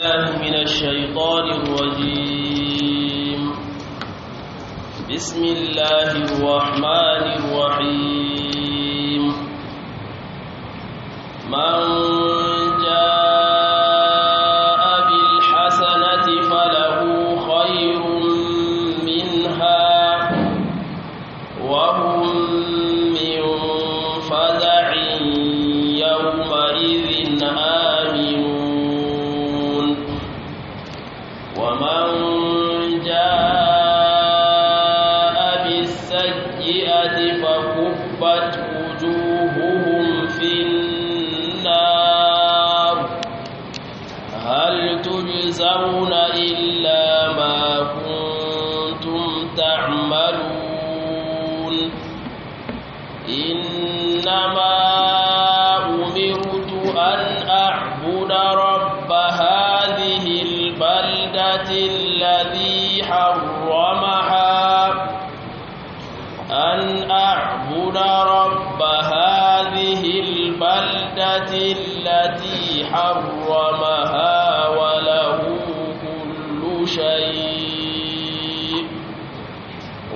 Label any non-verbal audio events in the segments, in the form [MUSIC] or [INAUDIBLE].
من الشيطان الرجيم بسم الله الرحمن الرحيم من حرمها وله كل شيء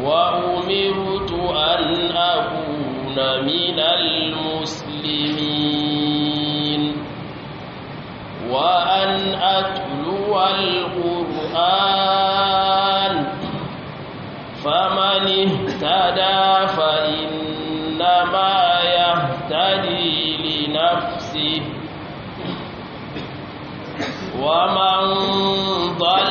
وأمرت أن أكون من المسلمين وأن أتلو القرآن فمن اهتدى ومن ضل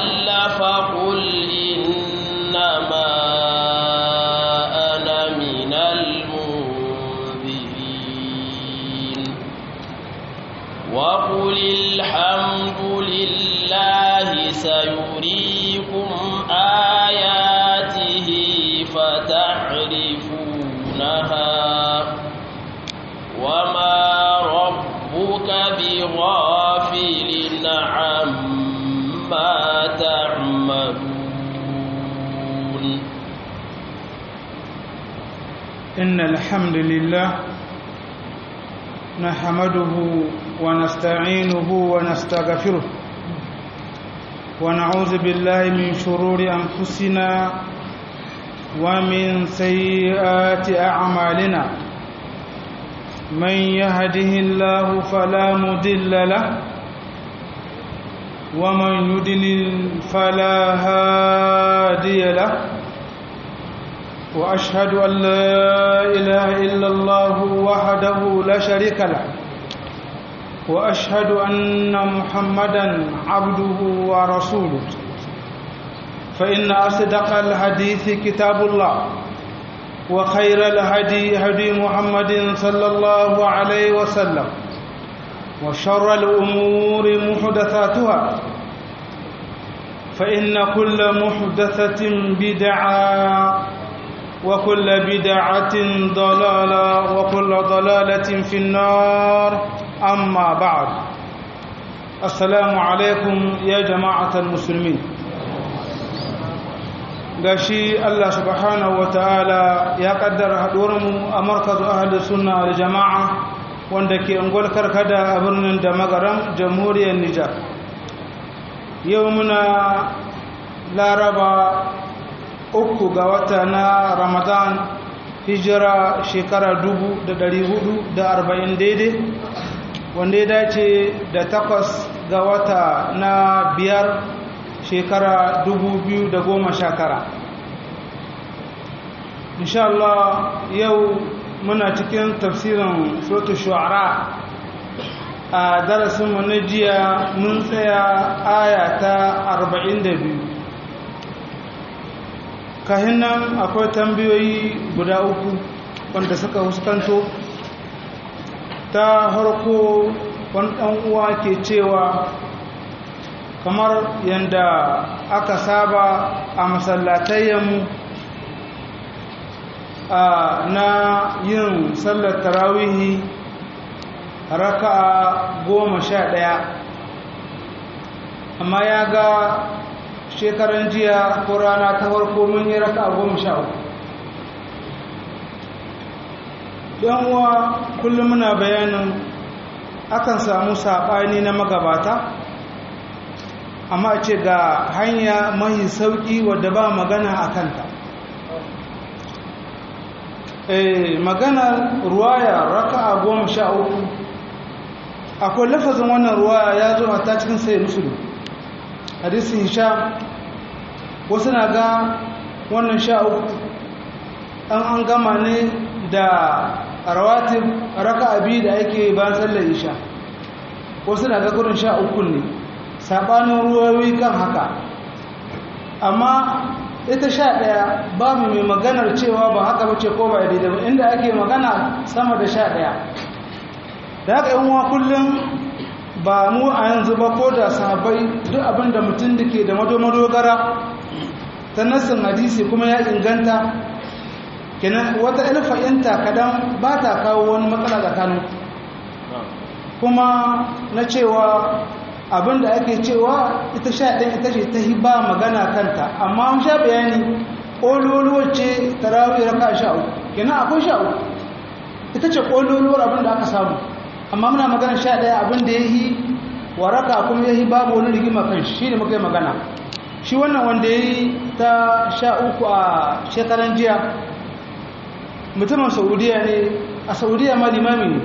الحمد لله نحمده ونستعينه ونستغفره ونعوذ بالله من شرور أنفسنا ومن سيئات أعمالنا من يهده الله فلا مضل له ومن يدلل فلا هادي له وأشهد أن لا إله إلا الله وحده لا شريك له وأشهد أن محمدا عبده ورسوله فإن أصدق الحديث كتاب الله وخير الهدي هدي محمد صلى الله عليه وسلم وشر الأمور محدثاتها فإن كل محدثة بدعة وكل بدعة ضلالة وكل ضلالة في النار أما بعد السلام عليكم يا جماعة المسلمين غشي الله سبحانه وتعالى يا قدر حضورم أمركز أهل السنة الجماعة وندكي أنقول كركدا أبرن دمغرم جمهوري النجاة يومنا لا ربا uku ga wata na ramadan hijira shekara dubu da dari hudu da arba'in daidai wanda ya dace da takwas ga wata na biyar shekara dubu biyu da goma shakara inshallah yau muna cikin tafsirin sotu shu'ara a darasinmu na jiya mun tsaya aya ta arba'in da biyu kahin nan akwai tambayoyi guda uku wanda suka huskanto ta harko wani uwa ke cewa kamar yadda aka saba a masallatayyanmu na yin sallar tarawihi raka'a goma sha ɗaya amma ya ga shekaran jiya ko rana ta farko mun yi raka a goma sha uku don uwa kullum muna bayanin akan samu saɓani na magabata amma ce ga hanya mai sauƙi wadda ba magana a kanta eh, maganar ruwaya raka a goma sha uku akwai lafazin wannan ruwaya ya zo hata cikin sai musulun hadisin sha wasu na ga wannan sha uku an an gama ne da rawatin raka abi da ake bayan sallar isha wasu na ga gudun sha uku ne saɓanin ruwayoyi kan haka amma ita sha ɗaya babu mai maganar cewa ba haka bace ko ba daidai inda ake magana sama da sha ɗaya da haka yin wa kullum ba mu a yanzu ba ko da sabai duk abin da mutum da ke da madomadogara ta nassin hadisi kuma ya inganta kenan wata ilfa'inta kadan ba ta kawo wani matsala Kano. kuma na cewa abin da ake cewa ita sha ɗin ita ce ta hiba magana kanta amma an sha bayani ƙololuwar ce ya raka sha'u kenan akwai sha'u ita ce ƙololuwar abin da aka samu amma muna magana sha ɗaya abin da ya yi waraka kuma ya yi babu wani rigima kan shi ne muka yi magana shi wannan wanda ya yi ta sha uku a shekaran jiya mutumin saudiya ne a saudiya ma limami ne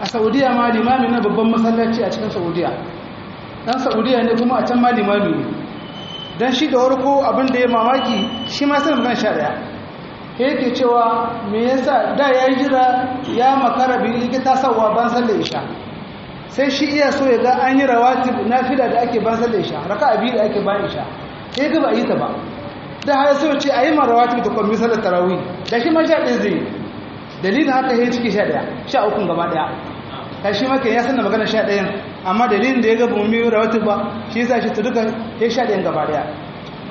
a saudiya ma limami na babban masallaci a cikin saudiya dan saudiya ne kuma a can ma limami ne don shi da warko abin da ya mamaki shi ma sanin magana sha ɗaya yake cewa me yasa da ya jira ya makara bi likita sawa ban sallar isha sai shi iya so ya ga an yi rawatib nafila da ake ban sallar isha raka'a biyu da ake ban isha sai ga ba yi ta ba da har sai ce ayi ma rawatib da kuma sallar tarawih da shi ma sha ɗaya zai dalilin haka sai ciki sha ɗaya sha uku gaba ɗaya ta shi maka ya sanna magana sha ɗayan amma dalilin da ya ga ba mu yi rawatib ba shi yasa shi ta duka ya sha ɗayan gaba ɗaya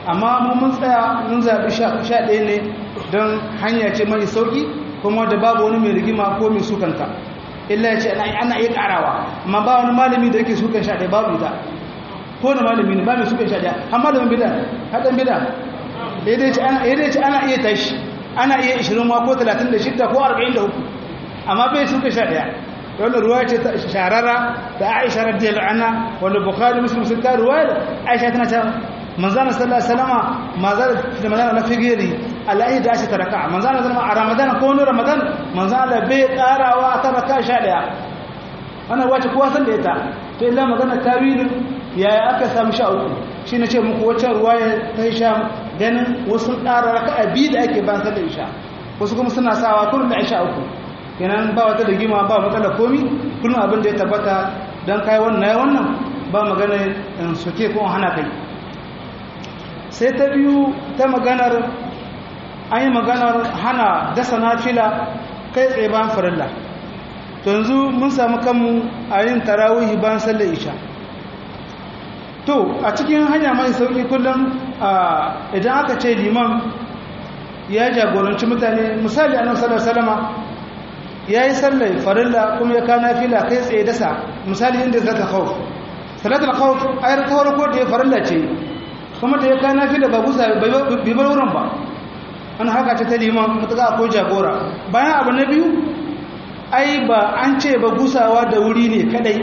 amma mun tsaya mun zaɓi sha ɗaya ne don hanya ce mai sauƙi kuma da babu wani mai rigima ko mai sukanta illa ya ce ana iya ƙarawa amma ba wani malami da yake sukan sha ɗaya babu ita ko na malami ne ba mai sukan sha ɗaya har malamin bida haɗin bida ya ce ana iya tashi ana iya ishirin ma ko talatin da shidda ko arba'in da uku amma bai sukan sha ɗaya wanda ruwa ce ta sharara da aisha radiyallahu anha wanda bukhari muslim sun ta ruwa aisha tana ta manzana sallallahu alaihi wasallam mazal da manzana na figiri alahi da shi taraka manzana zama a ramadan ko wani ramadan manzala bai karawa ta raka sha daya wannan wace kowa san da ita to illa magana tawilin yaya aka samu sha uku shi na ce muku wace ruwaya ta isha dan wasu dara raka biyu da ake ban da isha wasu kuma suna sawa kullum da isha uku kenan ba wata rigima ba matsala komi kullum abin da ya tabbata don kai wannan ya wannan ba magana in eh, soke ko hana kai sai ta biyu ta maganar an yi maganar hana dasa nafila kai tsaye ba farilla to yanzu mun samu kanmu a yin tarawihi ban sallar isha to a cikin hanya mai sauki kullum idan aka ce liman ya jagoranci mutane misali a nan salama, ya yi sallar farilla kuma ya kana fila kai tsaye dasa misali inda zata kawo salatul kawo ayar ta farko da ya farilla ce kuma ta yi kayan nafi da babu sa bai wurin ba Wani haka ta ta liman a ko jagora bayan abu na biyu ai ba an ce ba gusawa da wuri ne kadai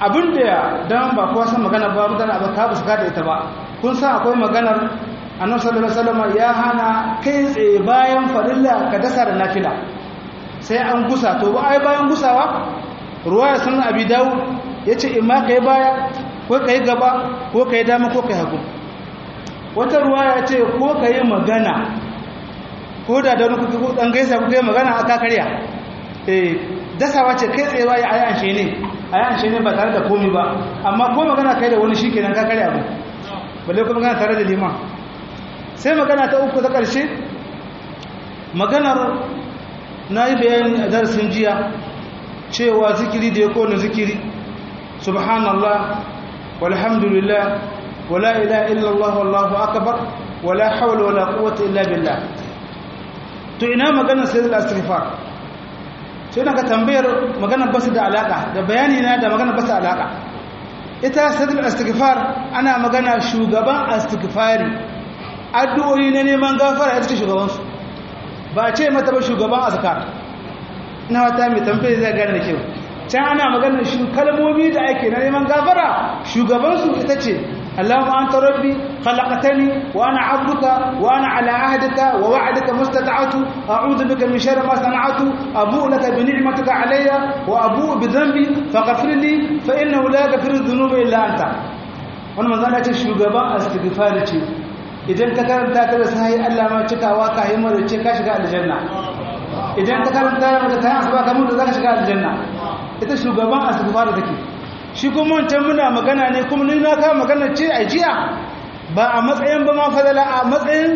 abin da ya dan ba kowa san magana ba mutane a ka ba su kada ita ba kun san akwai maganar annabi sallallahu alaihi wasallam ya hana kai tsaye bayan farilla ka dasa da nafila sai an gusa to ba ai bayan gusawa ruwaya sunan abi dawud yace in ma kai baya ko ka yi gaba ko ka yi dama ko ka yi hagu wata ruwa ya ce ko ka yi magana ko da da rukuki ko ɗan gaisa ko ka yi magana a kakarya eh, dasawa ce kai tsaye ba ya ayi shi ne ayi shi ne ba tare da komi ba amma ko magana kai da wani shi kenan kakarya ba balle ko magana tare da liman sai magana ta uku ta ƙarshe maganar na yi bayani a darasin jiya cewa zikiri da ya kone zikiri subhanallah والحمد لله ولا إله إلا الله والله أكبر ولا حول ولا قوة to ina maganar sai da istighfar sai na ga tambayar maganar basu da alaka da bayani na da maganar basu alaka ita sadul istighfar ana magana shugaban istighfari addu'o'i na neman gafara ita ce shugaban su ba ce mata ba shugaban azkar na wata mai tambayar zai gane da kyau ta ana magana shi kalmomi da ake na neman gafara shugabansu ita ce اللهم أنت ربي خلقتني وأنا عبدك وأنا على عهدك ووعدك ما استطعت أعوذ بك من شر ما صنعت أبوء لك بنعمتك علي وأبوء بذنبي فغفر لي فإنه لا يغفر الذنوب إلا أنت wani manzana ce shugaba a istighfar ce idan ka karanta ta da sahi Allah ma wa ka yi mara ce ka shiga aljanna idan ka karanta ta da ka shiga aljanna ita shugaban asuba da take shi kuma wancan muna magana ne kuma ni na ka magana ce a jiya ba a matsayin ba ma fadala a matsayin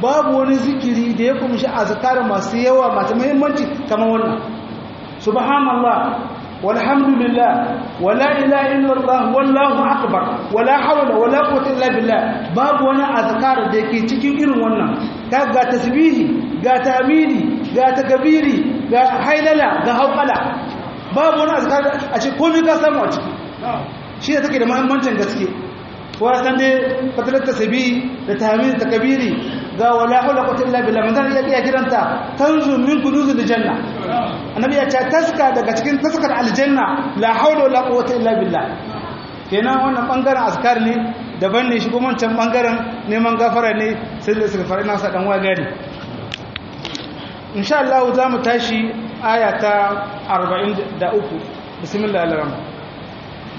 babu wani zikiri da ya kumshi azkar masu yawa masu muhimmanci kamar wannan subhanallah walhamdulillah wala ilaha illallah wallahu akbar wala hawla wala quwwata illa billah babu wani azkar da yake cikin irin wannan ga tasbihi ga tamidi ga takbiri ga hailala ga hawqala babu wani azkar a ce komi ka samu a ciki shi da take da mahimmancin gaske kuwa san dai fatalar sabi da tahmin da kabiri ga wala hula quwwata illa billah man iya kiranta tanzu min da janna annabi ya ce taska daga cikin taskar aljanna la hawla wala quwwata illa billah kenan wannan bangaren azkar ne daban ne shi kuma can bangaren neman gafara ne sai da suka fara nasa dan wagari insha Allah za mu tashi آية أربعين دعوكو بسم الله الرحمن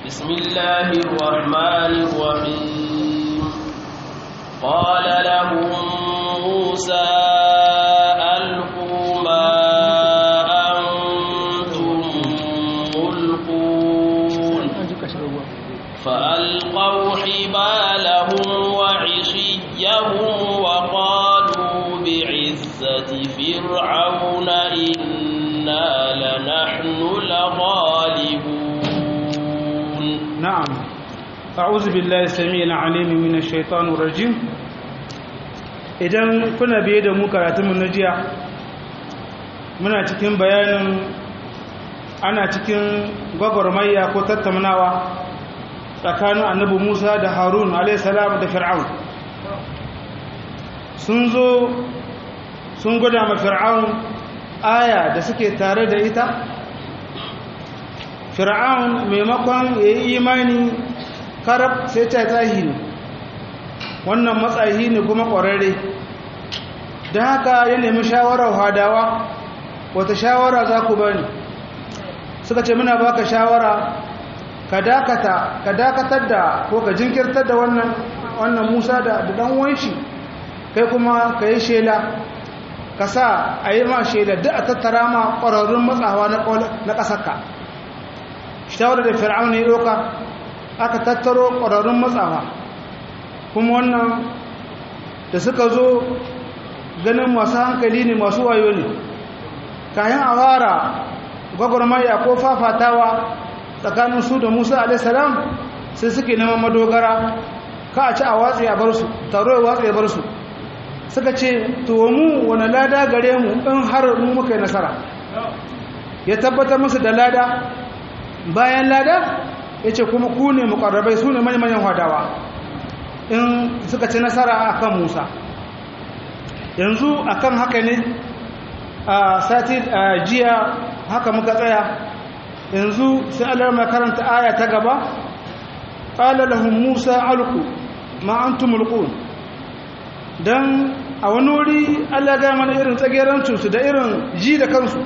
بسم الله الرحمن الرحيم قال لهم موسى ألقوا ما أنتم ملقون فألقوا حبالهم وعشيهم وقالوا بعزة فرعون إن لنحن لغالبون نعم أعوذ بالله السميع العليم من الشيطان الرجيم idan kuna biye da mu karatunmu na jiya muna cikin bayanin ana cikin gwagwarmayya ko tattaunawa tsakanin annabi musa da harun alaihissalam da fir'aun sun zo sun gwada ma fir'aun aya da suke tare da ita fir'aun maimakon ya yi imani karab sai ta tsahi ne wannan matsayi ne kuma ƙwararre don haka ya nemi shawarar hadawa wata shawara za ku bani suka ce muna baka shawara ka dakatar da ko ka jinkirtar da wannan musa da ɗan wanshi kai kuma ka yi shela ka sa a yi ma shaida duk a tattara ma ƙwararrun matsawa na ƙasarka shawarar da fir'auna ya ɗauka aka tattaro ƙwararrun matsawa kuma wannan da suka zo ganin masu hankali ne masu wayo ne kayan a fara gwagwarmaya ko fafatawa tsakanin su da musa alaihissalam sai suke neman madogara ka a ci a watsi a bar su taro ya watsi a bar su suka ce to mu wani lada gare mu in har mu muka yi nasara ya tabbatar musu da lada bayan lada ya ce kuma ku ne mukarrabai su ne manyan hadawa in suka ce nasara akan musa yanzu akan haka ne a sati a jiya haka muka tsaya yanzu sai alar makaranta aya ta gaba ƙala musa alku ma an don a wani wuri Allah gaya mana irin tsagerancinsu da irin ji da kansu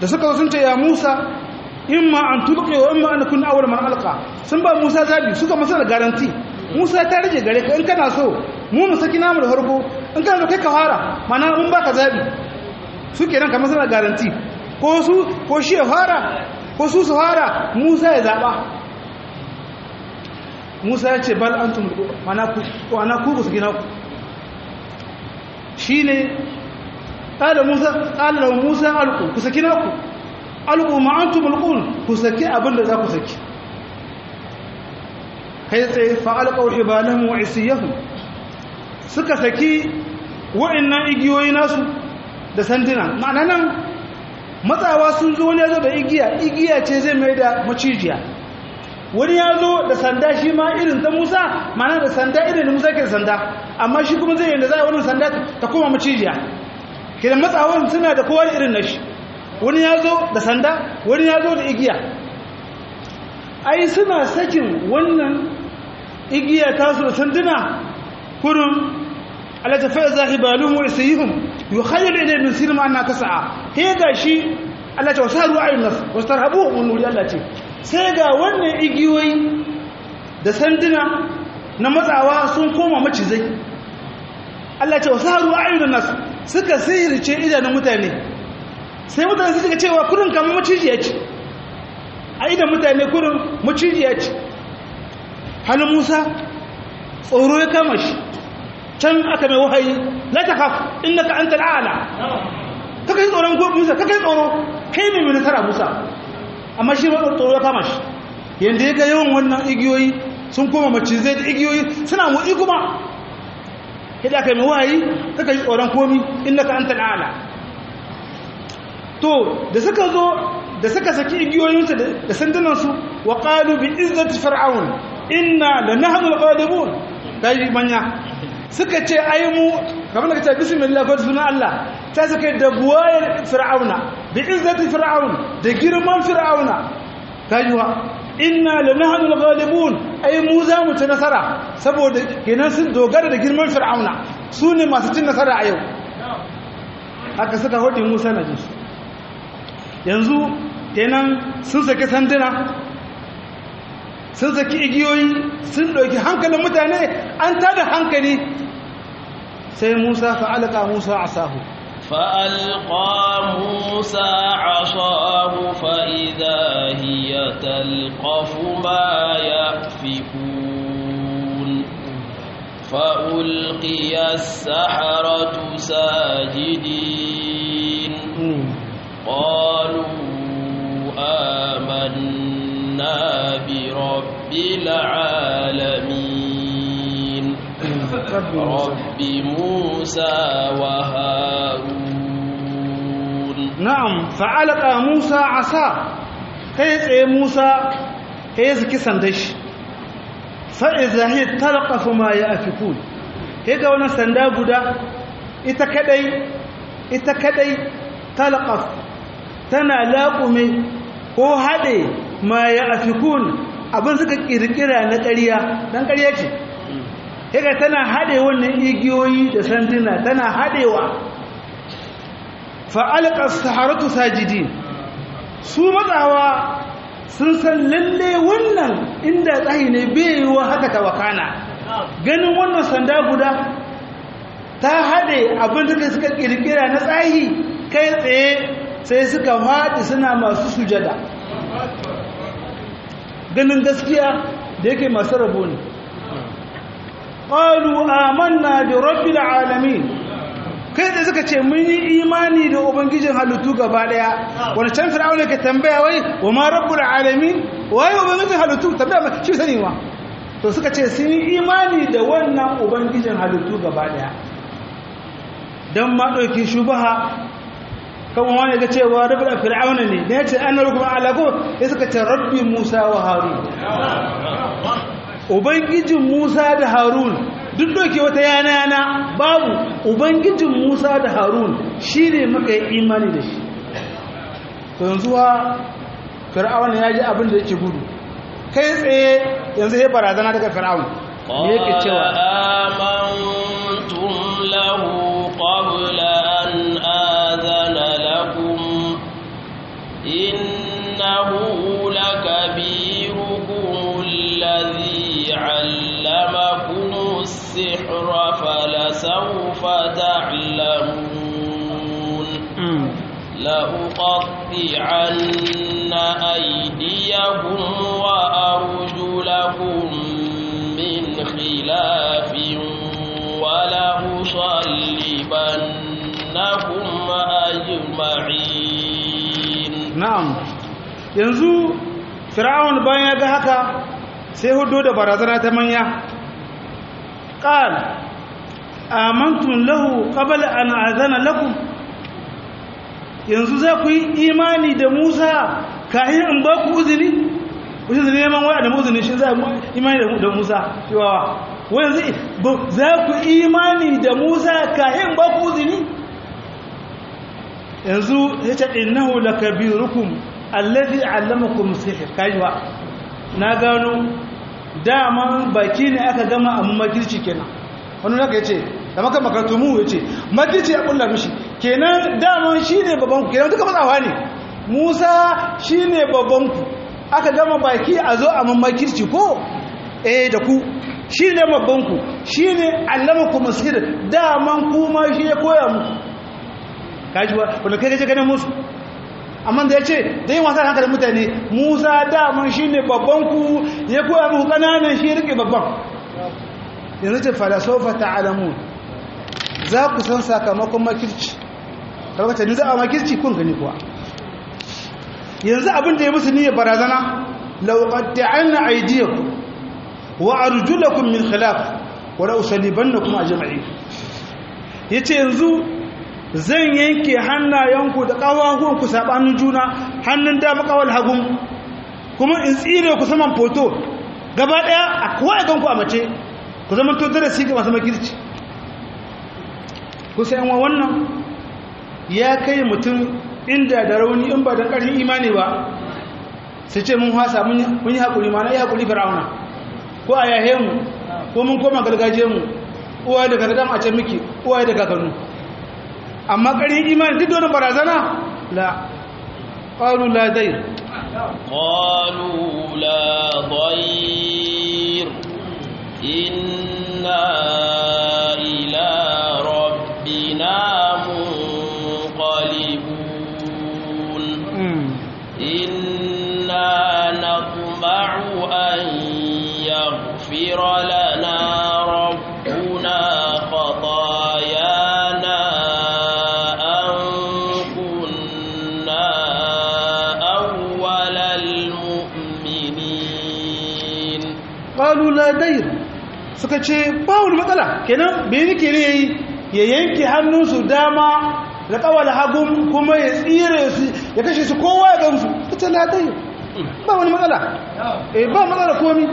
da suka sun ce ya musa in ma an tulke wa in ma an kun awar man alka sun ba musa zabi suka masa da garanti musa ta rage gare ka in kana so mu mu saki namu da harko in kana so kai ka fara mana mun ka zabi su nan ka masa da garanti ko su ko shi ya fara ko su su fara musa ya zaba musa ya ce bal antum mana ku ana ku ku saki ku? shine kada musa qala musa alqu ku saki naku alqu ma antum alqul ku saki abinda za ku saki kai tsaye fa alqu hibalahum wa isiyahum suka saki wa'annan igiyoyi nasu da sandina ma'ana nan matsawa sun zo ne da igiya igiya ce zai mai da macijiya wani ya zo da sanda shi ma irin ta musa mana da sanda irin da musa ke da sanda amma shi kuma zai yadda za a wani sanda ta koma macijiya ke da suna da kowa irin na shi wani ya zo da sanda wani ya zo da igiya ai suna sakin wannan igiya su da sanduna kurin alatafai zahibalun wa isayihun yi hanyar ilai min sinima ana tasa'a he ga shi alatafai wasu haruwa ayyunas wasu tarhabu wa nuri allah ce sai ga wannan igiyoyi da sanduna na matsawa sun koma macizai Allah ce wasu a ayyudan nasu suka sihirce idanun mutane sai mutane su suka cewa kurin kama ya ci a idan mutane kurin ya ci halin musa tsoro ya kama shi can aka mai wahayi la ta kaf innaka antal a'la kaka yi tsoron musa kakai tsoro kai mai nasara musa amma shi ba tsoro ya kama shi yanda ya ga yawan wannan igiyoyi sun koma macizai da igiyoyi suna motsi kuma yadda ka yi mawayi kaka yi tsoron komi inda ka an to da suka zo da suka saki igiyoyinsu da sandunansu wa ƙalu bi izzati fir'aun inna kawai da al ta yi manya suka ce ai mu kamar da ce bismillah ko sunan Allah ta suka da buwayar fir'auna bi izzati fir'aun da girman fir'auna kayuwa inna lanahnu al-ghalibun ai mu za mu ci nasara saboda kenan sun dogara da girman fir'auna su ne masu cin nasara a yau haka suka hodi musa na jinsu yanzu kenan sun saki sanduna sun saki igiyoyi sun ɗauki hankalin mutane an tada hankali sai musa fa'alaka musa a sahu فألقى موسى عصاه فإذا هي تلقف ما يأفكون فألقي السحرة ساجدين قالوا آمنا آمنا برب العالمين رب موسى وهارون نعم فعلق موسى عصا كيف إيه موسى كيف كسندش فإذا هي تلقف ما يأفكون هيك وانا سندا غدا ita kadai ita kadai talqaf tana laqume ko hade ma ya afikun abin suka kirkira na ƙarya ɗan ƙarya ce ƙiga tana haɗe wannan igiyoyi da sanduna tana haɗewa fa'alƙa saharatu sajidi su matsawa sun san lalle wannan inda tsayi ne bewa haka ta wakana ganin wannan sanda guda ta haɗe abin da suka ƙirƙira na tsayi kai tsaye sai suka faɗi suna masu sujada ganin gaskiya da yake masu rabo ne na amanna rabbi da alami kai da suka ce mun yi imani da ubangijin halittu gaba daya wani can fir'auna ka tambaya wai wa ma rabbul alamin wai ubangijin halittu tambaya ma shi sani ma to suka ce sun yi imani da wannan ubangijin halittu gaba daya don ma ɗauki shubaha kan wani ga cewa rabbi fir'auna ne ne ce an rukum alago ya suka ce rabbi musa wa harun ubangijin musa da harun duk doke wata yana yana babu ubangijin musa da harun shi ne maka yi imani da shi yanzu wa fir'auna ya ji abin da yake gudu kai tsaye yanzu ya barazana daga fir'auna ne yake cewa amantum lahu qabla إنه لكبيركم الذي علمكم السحر فلسوف تعلمون لأقطعن أيديكم وأرجلكم من خلاف ولأصلبنكم أجمعين na'am yanzu fir'aun bayan ya ga haka sai hudu da barazana ta manya qal amantum lahu qabla an azana lakum yanzu za ku yi imani da Musa kayan in ba ku uzuri kusa zai neman waya da uzuri shi za ku imani da Musa cewa yanzu za ku imani da Musa kayan ba ku uzuri yanzu yace innahu lakabirukum alladhi allamakum sihr kaiwa na gano dama baki ne aka gama a makirci kenan wani zaka yace da maka makartumu yace makirci ya kulla mishi kenan dama shine baban ku kenan duka matsawa ne Musa shine baban ku aka gama baki a zo a makirci ko eh da ku shine babban ku shine allamakum sihr dama kuma shi ya koya muku kaji wanda kai kai ganin musu amma da ya ce yin wasa hankali hankalin mutane musa daman shi ne babban ku ya koya muku kananan shi rike babban yanzu ce falasofa ta alamu za ku san sakamakon makirci karkata ni za a makirci kun gani kuwa yanzu abin da ya musu niyyar barazana lauƙadda an na ku wa arjulakun min khilaf wa ra'usaliban na kuma a jama'i ya ce yanzu zan yanke hannayenku da ƙawagonku saɓanin juna hannun dama ƙawar hagun kuma in tsire ku saman foto gaba ɗaya a kowa ganku a mace ku zama to darasi ga masu makirci ku sai wa wannan ya kai mutum inda da rauni in ba don ƙarfin imani ba sai ce mun hasa mun yi haƙuri ma yi haƙuri fir'auna ko a yahe mu ko mun koma gargajiyar mu uwa da kakan a can miki uwa da Kano? amma kare imani duk wannan barazana la qalu la dair qalu la dair inna ila rabbina munqalibun inna natma'u an yaghfira lana rabbina qalu la dair suka ce ba wani matsala kenan bai nake ne yayi ya yanke hannunsu dama da kawal hagun kuma ya tsire su ya kashe su kowa ya gamsu ita na dair ba wani matsala eh ba matsala komi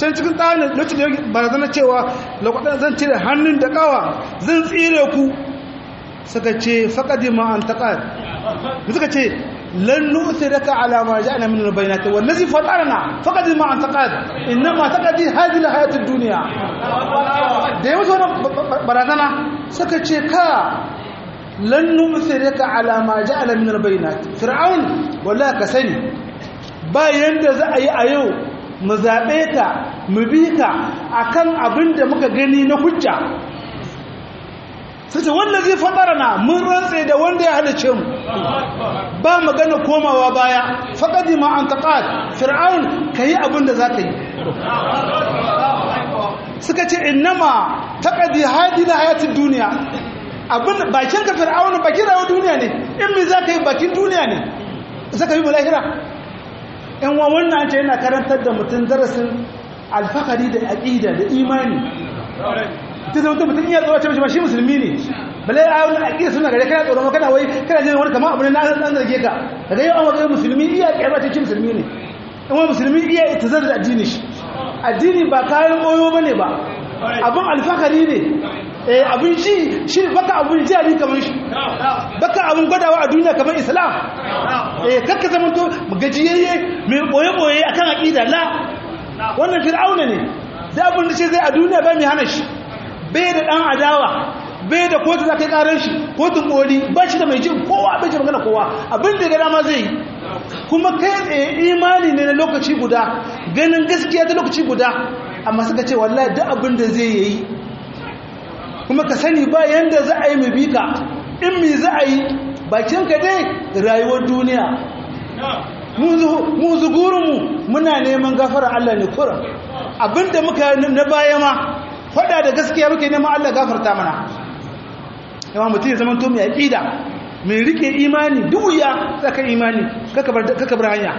can cikin tsarin lokacin da barazana cewa lokacin zan cire hannun da kawa zan tsire ku suka ce faƙadi ma an taƙar suka ce لن نؤثرك على ما جاءنا من البينات والذي فضلنا فقد ما اعتقد انما تقضي هذه الحياه الدنيا da yau zuwa barazana suka ce ka lan numsirika ala ma ja'ala min albayinat fir'aun wallahi ka sani ba yanda za a yi a yau mu zaɓe ka mu bi ka akan abin da muka gani na hujja sai ce wanda zai na mun rantse da wanda ya halice mu ba magana komawa baya faqadi ma an taqat fir'aun ka yi abin da za ka yi suka ce innama taqadi hadi na hayatun duniya abin bakin ka fir'aun bakin rawar duniya ne in mai za ka yi bakin duniya ne za ka yi mulahira yan wa wannan ce yana karantar da mutum darasin alfahari da aƙida da imani ta zama mutum iya tsoro ce mishi shi musulmi ne bale a wani aƙida suna gare kana tsoro kana wai kana jin wani kama abu ne na an zarge ka daga yau an wajen musulmi iya ƙyarba ce musulmi ne in musulmi iya ita zar addini shi addini ba kayan koyo ba ne ba abin alfahari ne eh, abin shi shi baka abin jari kamar shi baka abin gwadawa a duniya kamar islam eh, kakka zama to gajiyayye mai ɓoye-ɓoye akan aƙida la wannan fir'auna ne da abin da ce zai a duniya ba mai hana shi bai da ɗan adawa bai da kotu za ka yi ƙarar shi kotun koli, ba shi da mai jin kowa bai ji magana kowa abin da ya gada ma zai yi kuma kai tsaye imani ne na lokaci guda ganin gaskiya ta lokaci guda amma suka ce wallahi duk abin da zai yi kuma ka sani ba yanda za a yi mu bika in mai za a yi bakin ka dai rayuwar duniya mu zugurinmu muna neman gafara Allah ne kura abinda muka na baya ma faɗa da gaskiya muke neman Allah gafarta mana yawa mutum ya zama to mai aƙida mai rike imani duk wuya imani kaka bar hanya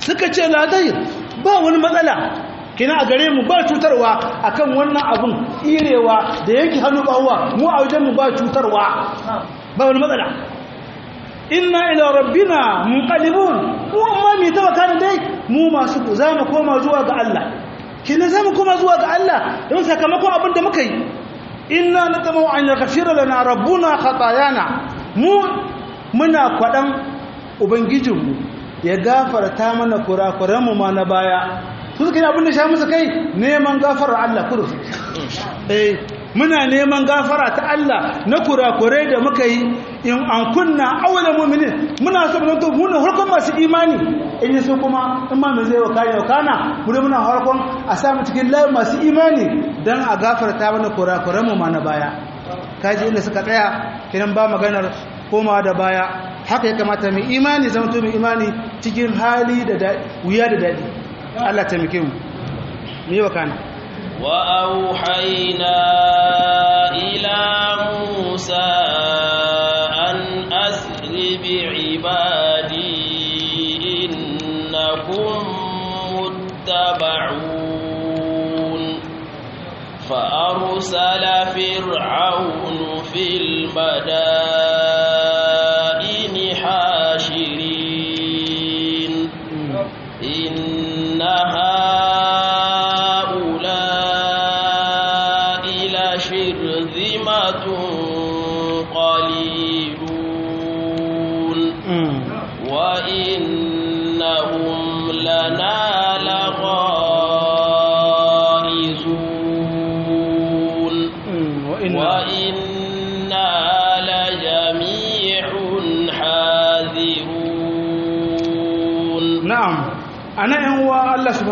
suka ce ladayir ba wani matsala kina a gare mu ba cutarwa akan wannan abun irewa da yanki hannu bawa mu a wajen mu ba cutarwa ba wani matsala inna ila rabbina munqalibun mu amma mi tawakkalin dai mu masu zama koma zuwa ga Allah kina za mu zuwa ga Allah don sakamakon abin da muka yi inna natamu an yaghfira lana rabbuna khatayana mu muna kwadan ubangijinmu ya gafarta mana kurakuran mu ma na baya su suka yi abin da sha musu kai neman gafara Allah kudu mm. eh muna neman gafara ta Allah na kurakurai da muka yi in an kunna awalin mu'minin muna so mun to mun harkon masu imani in yi so kuma in ma mai zai wa yau kana mu muna harkon a samu cikin layin masu imani dan a gafarta mana kurakuran mu ma baya kaji inda suka tsaya kiran ba maganar koma da baya haka ya kamata mai imani zama to mai imani cikin hali da wuya da dadi Allah ta mike mu wa kana wa auhaina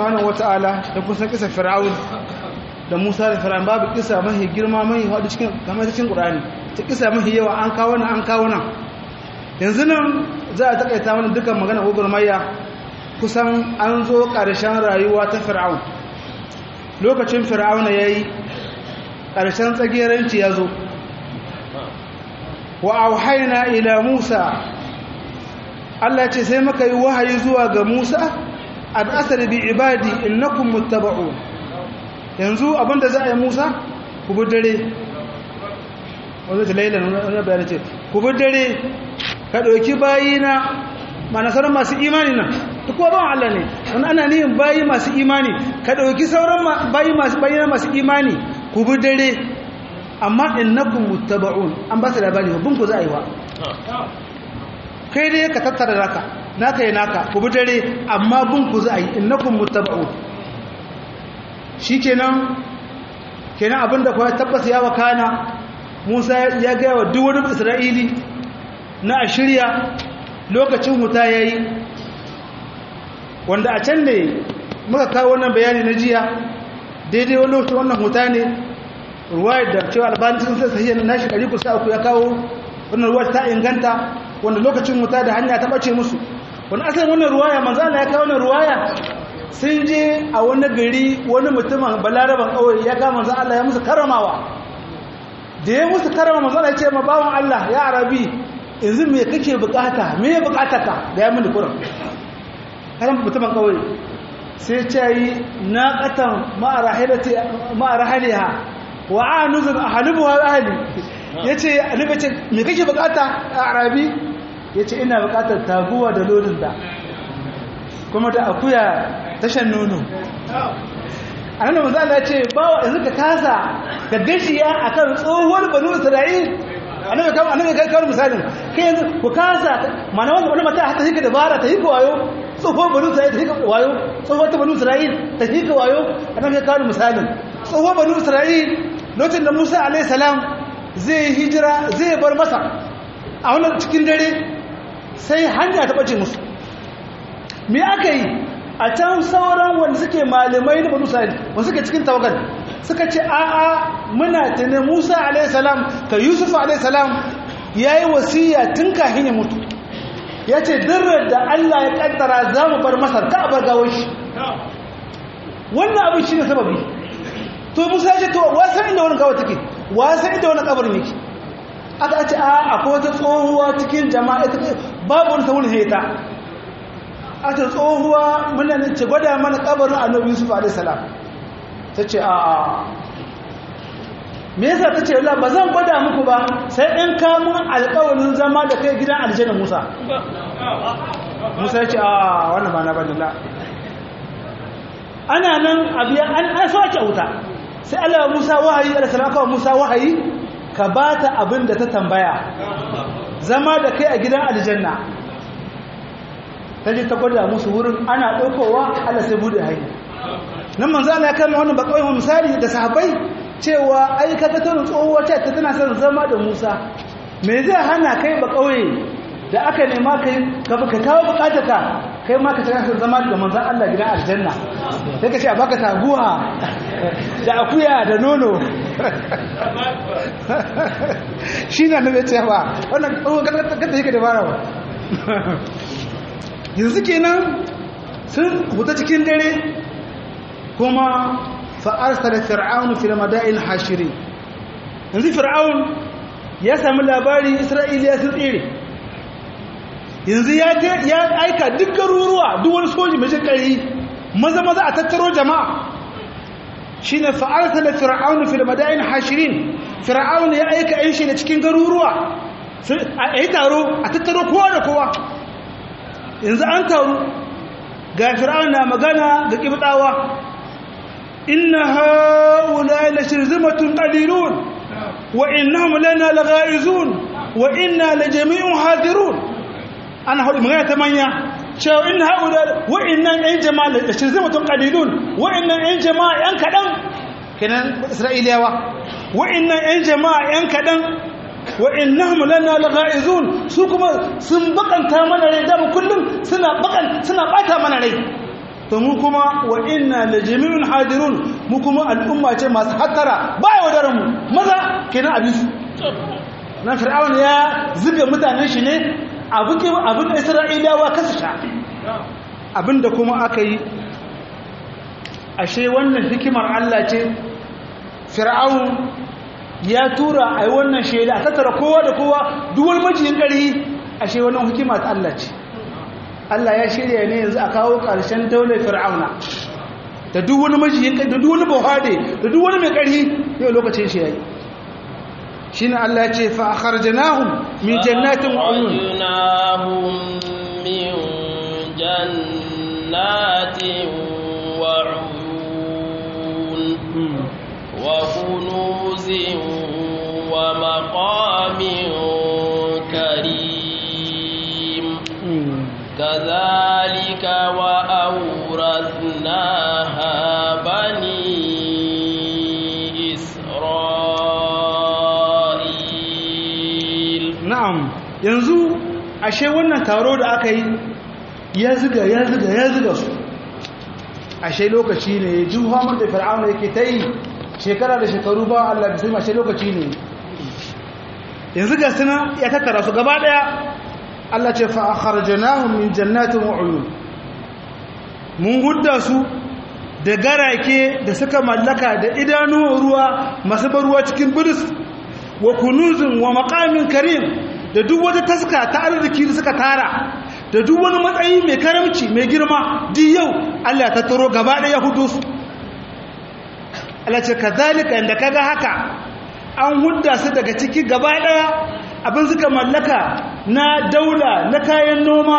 subhanahu wata'ala da kusan kisa fir'aun da Musa da fir'aun babu kisa mahi girma mai hadu cikin kamar cikin Qur'ani ta kisa mahi yawa an kawo nan an kawo nan yanzu nan za a takaita mana dukan magana gurmayya kusan an zo ƙarshen rayuwa ta fir'aun lokacin fir'auna yayi ƙarshen tsagiranci ya zo wa auhaina ila Musa Allah ce sai muka yi wahayi zuwa ga Musa an asari bi ibadi innakum muttaba'un yanzu abinda za a yi Musa ku bi dare wanda ta laila wani bayan ce ku bi dare ka ɗauki bayina mana sauran masu imani nan duk wa ban Allah ne wani ana nihin bayi masu imani ka ɗauki sauran bayi masu bayina masu imani ku bi dare amma innakum muttaba'un an ba su labari babban ku za a yi wa kai dai ka tattara raka naka yi naka ku bi dare amma bin ku za a yi innakun mutaba'u shi kenan kenan abinda kuwa tabbas ya wakana musa ya gaya wa duk isra'ili na a shirya lokacin wuta ya yi wanda a can ne muka kawo wannan bayani na jiya daidai wani lokacin wannan wuta ne ruwa da cewa albani sun sai sahiyar nashi ɗari kusa uku ya kawo wannan ruwa ta inganta wanda lokacin wuta da hanya ta ɓace musu wani asalin wannan ruwaya manzo Allah ya kawo wannan ruwaya sun je a wani gari wani mutumin balaraban kawai ya ga manzo Allah ya musu karamawa da ya musu karama manzo Allah ya ce ma bawan Allah ya arabi yanzu me kake bukata me ya bukata ka da ya mini kuran karan mutumin kawai sai ce yi na qatan ma rahilati ma rahaliha wa anuzun ahlibuha ahli yace alibacin me kake bukata a arabi ya ce ina bukatar taguwa da da kuma da akuya tashan nono annabi manzo Allah ce bawa yanzu ka kasa ka gashiya akan tsohuwar banu isra'il annabi kan annabi kan kawar misalin kai yanzu ku kasa mana wannan wani mata ta hika dabara ta hika wayo tsohuwar banu isra'il ta hika wayo tsohuwar banu isra'il ta hika wayo annabi kan kawar misalin tsohuwar banu isra'il lokacin da Musa alaihi salam zai hijira zai bar masa a wannan cikin dare sai hanya ta ɓace musu me aka yi a can sauran wanda suke malamai na banu sa'id wanda suke cikin tawagar suka ce a'a muna tunan musa alayhi salam ka yusuf alayhi salam ya yi wasiya tun kahin ya mutu ya ce dirar da allah ya kantara za mu bar masar ka a bargawar shi wannan abin shi ne sababi to musa ya ce to wasan inda wani kawo take wasan inda wani kabarin yake aka ce a akwai wata tsohuwa cikin jama'a babu wani saurin heta a ta tsohuwa mulanin ce gwada mana kabarin annabi yusuf alaihissalam ta ce a me yasa ta ce yalla ba zan gwada muku ba sai in kamun alƙawarin zama da kai gidan aljanna musa musa ya ce a wannan ba na ba dala. ana nan abiya an soke wuta sai Allah musa wahayi alaihissalam kawo musa wahayi ka ba ta abin da ta tambaya zama da kai a gidan aljanna ta ta gwada musu wurin ana daukowa Allah sai bude hanya nan manzo Allah ya kama wannan mu misali da sahabbai cewa ai kaga ta tsohuwar ta tana son zama da Musa me zai hana kai bakwai da aka nema kai ka kawo bukatarka kai ma ka tsaka zama da manzon Allah gidan aljanna sai ka ce a baka taguwa da akuya da nono shi na nuna cewa wannan kanta yake dabara ba yanzu kenan sun huta cikin dare kuma fa'arsa da fir'aun fil madain hashiri yanzu fir'aun ya sami labari isra'iliya sun tsere yanzu ya aika duk garuruwa duk wani soji mai shekari maza maza a tattaro jama'a shi ne fa'arta da fir'aunu fil madain hashirin fir'aunu ya aika yan shi da cikin garuruwa a yi taro a tattaro kowa da kowa yanzu an taru ga fir'aunu na magana ga kibtawa inna haula la shirzimatun qalilun wa innahum lana lagha'izun wa inna la jami'un hadirun ana haɗu magana ta manya cewa in haɗu da wa'innan ‘yan jama'a da shirzin mutum ƙabilun wa'innan ‘yan jama'a ‘yan kaɗan kenan isra'iliyawa wa'innan ‘yan jama'a ‘yan kaɗan wa'innan mulana laga'izun su kuma sun bakanta mana rai dama kullum suna ɓata mana rai to mu kuma wa inna la jami'un hadirun mu kuma al'umma ce masu hattara. ba yaudarar mu maza kenan abin su na fir'aun ya zuga mutanen shi ne abin isra'iliyawa kasu sha abin da kuma aka yi ashe wannan hikimar Allah ce fir'aun ya tura a yi wannan shaida a tattara kowa da kowa duwar majiyin ƙari ashe wannan hikimar Allah ce Allah ya shirya ne yanzu a kawo ƙarshen taular fir'auna da duk wani majiyin da duk wani buhari da duk wani mai ƙari yau lokacin shi ya yi شين الله يجي فأخرجناهم من جنات وعيون من جنات وعيون وكنوز ومقام كريم كذلك وأورثناهم yanzu ashe wannan taro da aka yi ya ziga ya ziga ya zuga su ashe lokaci ne juhamar da fir'auna yake ta yi shekara da shekaru ba Allah bisu ashe lokaci ne yanzu ga suna ya tattara su gaba daya Allah ce fa akharajnahum min jannatin wa uyun mun hudda su da garake da suka mallaka da idanuwar ruwa masu ruwa cikin biris wa kunuzun wa maqamin karim da duk wata taska ta arziki da suka tara da duk wani matsayi mai karamci mai girma di yau Allah ta taro gaba da ya hudu su Allah ce ka zalika inda kaga haka an hudda su daga ciki gaba daya abin suka mallaka na daula na kayan noma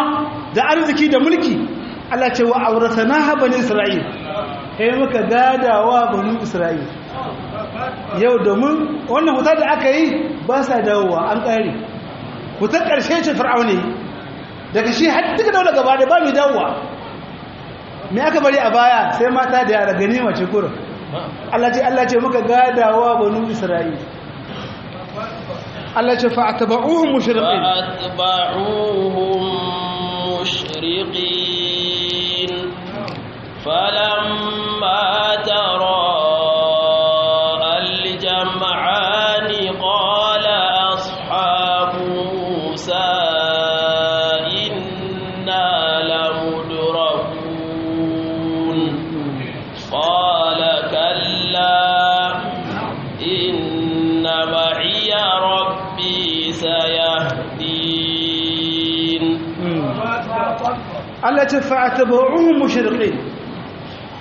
da arziki da mulki Allah ce wa auratana bani isra'il kai muka gadawa bani isra'il yau domin wannan hutar da aka yi ba sa dawowa an kare Ku wutar ƙarshe ce fir'auni daga shi har duka daular gaba da ba mu dawowa me aka bari a baya sai mata da yara gani mace kurin Allah ce Allah ce muka gadawa banu Isra'ila Allah ce fa'ataba'uhum mushriqin fa'ataba'uhum mushriqin falamma tara Allah ce mushriqin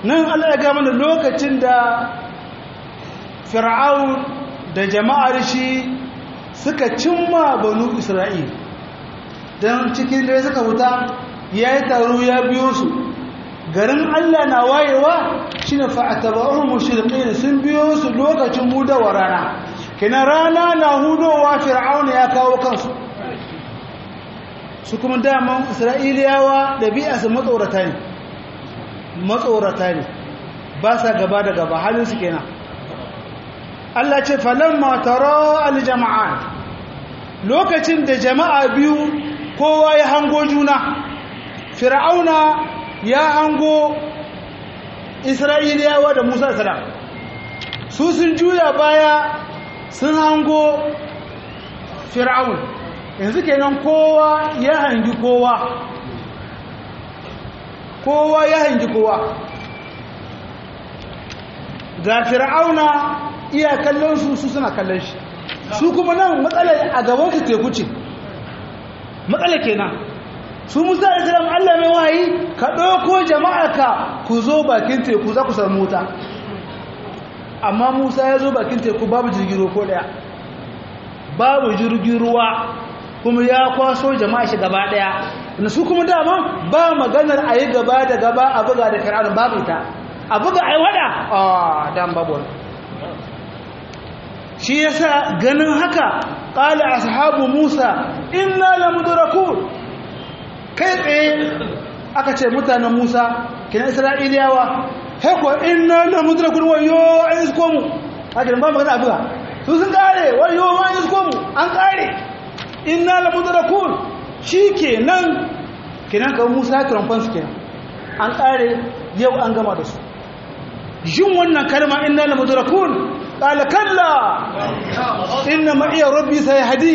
nan Allah ya ga mana lokacin da fir'aun da jama'ar shi suka cimma banu isra'il don cikin da suka huta, yayi yi taro ya biyo su garin allah na wayewa shi ne fa'atabarun mashirƙin sun biyo su lokacin hudawa rana kina rana na hudowa fir'aun ya kawo kansu su kuma daman isra'iliyawa ɗabi'arsa matsorata ne matsorata ne ba sa gaba da gaba halinsu kenan Allah ce falon mataro aljama'a lokacin da jama'a biyu kowa ya hango juna fir'auna ya hango isra'iliyawa da musa salam su sun juya baya sun hango fir'aun yanzu kenan kowa ya hangi kowa kowa ya hangi kowa ga fir'auna iya kallon su su suna kallon shi su kuma nan matsalar a gaban su teku ce matsala kenan su musa islam allah mai wayi ka ɗauko jama'arka ku zo bakin teku za ku samu wuta amma musa ya zo bakin teku babu jirgin ruwa ko ɗaya babu jirgin ruwa kuma ya kwaso jama'a shi gaba daya na su kuma dama ba maganar a yi gaba da gaba a buga da kira'ar babu ita a buga a yi wada a dan babu shi yasa ganin haka ƙala ashabu musa inna lamudraku kai tsaye aka ce mutanen musa kina isra'iliyawa heko inna lamudraku wayo an isko mu haka ba magana a buga su sun kare wayo an isko mu an kare inna la mudrakun shikenan kenan ka Musa kiran fansu kenan an kare yau an gama da su jin wannan kalma inna la mudrakun qala kalla inna ma iya rabbi sayhadi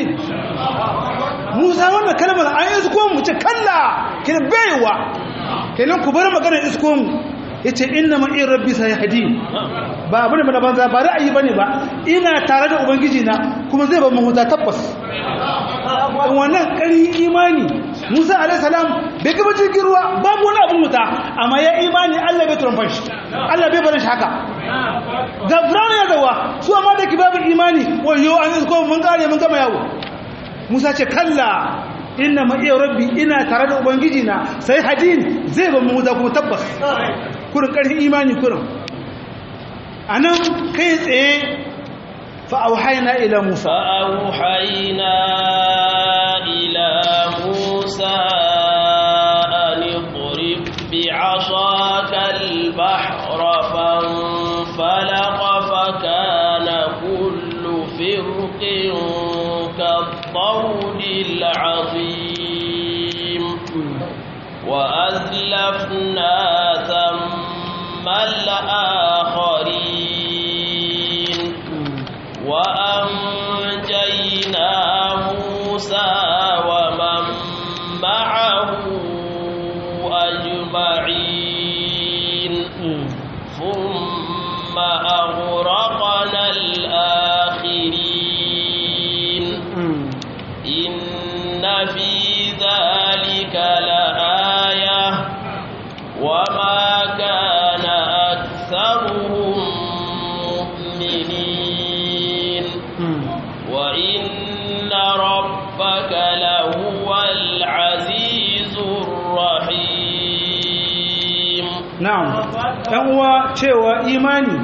Musa wannan kalmar an isko mu ce kalla kin baiwa kenan ku bar magana isko mu yace inna ma iya rabbi sayhadi ba abin da banza ba ra'ayi bane ba ina tare da ubangiji na kuma zai ba mu huta tabbas wannan ƙarin imani musa alaihissalam bai gaba jirgin ruwa babu wani abin wuta amma ya imani allah bai turamfan fashi allah bai barin shi haka ga firawun ya zauwa su amma da kibabin imani wayo an isko mun kare mun gama yawo musa ce kalla ina ma iya rabbi ina tare da ubangiji na sai hadin zai ban mu wuta kuma tabbas kurin ƙarfin imani kurin a nan kai tsaye فأوحينا إلى موسى فأوحينا إلى موسى أن اضرب بعصاك البحر فانفلق فكان كل فرق كالطود العظيم وأزلفنا ثم الآخرين وأنجينا موسى ومن معه أجمعين ثم أغرقنا الآخرين إن في ذلك لآية وما كان أكثرهم مؤمنين وإن ربك لهو العزيز الرحيم نعم ɗan uwa cewa imani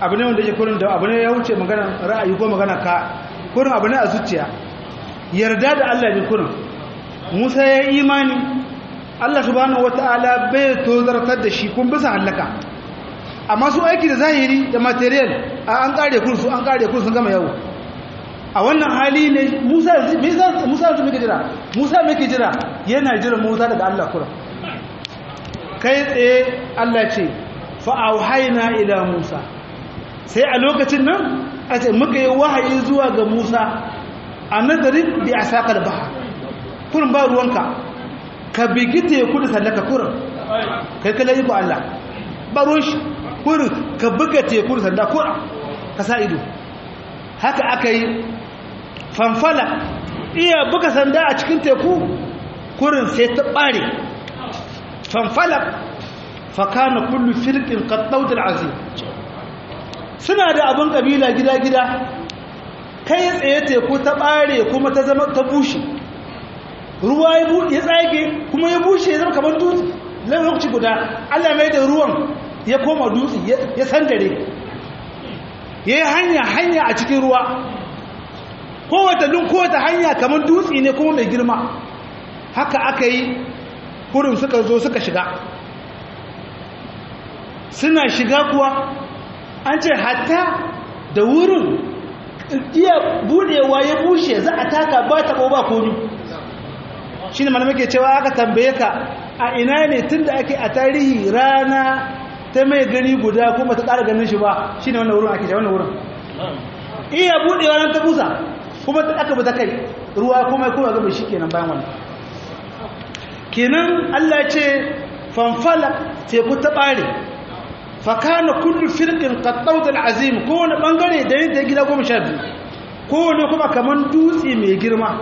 abu ne wanda yake kurin da abu ne ya wuce magana ra'ayi ko magana ka kurin abu ne a zuciya yarda da Allah ne kurin Musa ya yi imani Allah subhanahu wata'ala bai zartar da shi kun bisa hallaka amma su aiki da zahiri da material a an kare kun su an kare kun sun gama yau a wannan hali ne musa musa mai jira musa mai jira yana jira musa daga allah kura kai tsaye allah ce haina ila musa sai a lokacin nan a ce muka yi wahayi zuwa ga musa a nazarin da a saƙar ba kurin ba ruwanka ka bigi teku da sallaka kurin kai kala yi ku allah ba ruwan shi kurin ka buga teku da sallaka kurin ka sa ido haka aka yi fanfala iya buga sanda a cikin teku kurin sai ta ɓare fanfala fakana kullu qad tawdil azim suna da abin ƙabila gida-gida kai tsaye teku ta ɓare kuma ta zama ta bushe ruwa ya tsage kuma ya bushe ya zama kamar dutse lokaci guda allah mai da ruwan ya koma dutse ya sandare ya yi hanya hanya a cikin ruwa kowata duk kowata hanya kamar dutsi ne kuma mai girma haka aka yi kurin suka zo suka shiga suna shiga kuwa an ce hatta da wurin iya budewa ya bushe za a taka ba taɓo ba komi shi ne muke cewa aka tambaye ka a ina ne tun da ake a tarihi rana ta mai gani guda kuma ta ƙara ganin shi ba shi ne wannan wurin ake shi wannan wurin iya budewa nan ta busa kuma aka bi zakai ruwa kuma kuma gaba shi kenan bayan wannan kenan Allah ya ce fanfala teku ta bare fakana kullu firqin qad alazim ko kowane bangare da yadda gida goma sha biyu wani kuma kaman dutse mai girma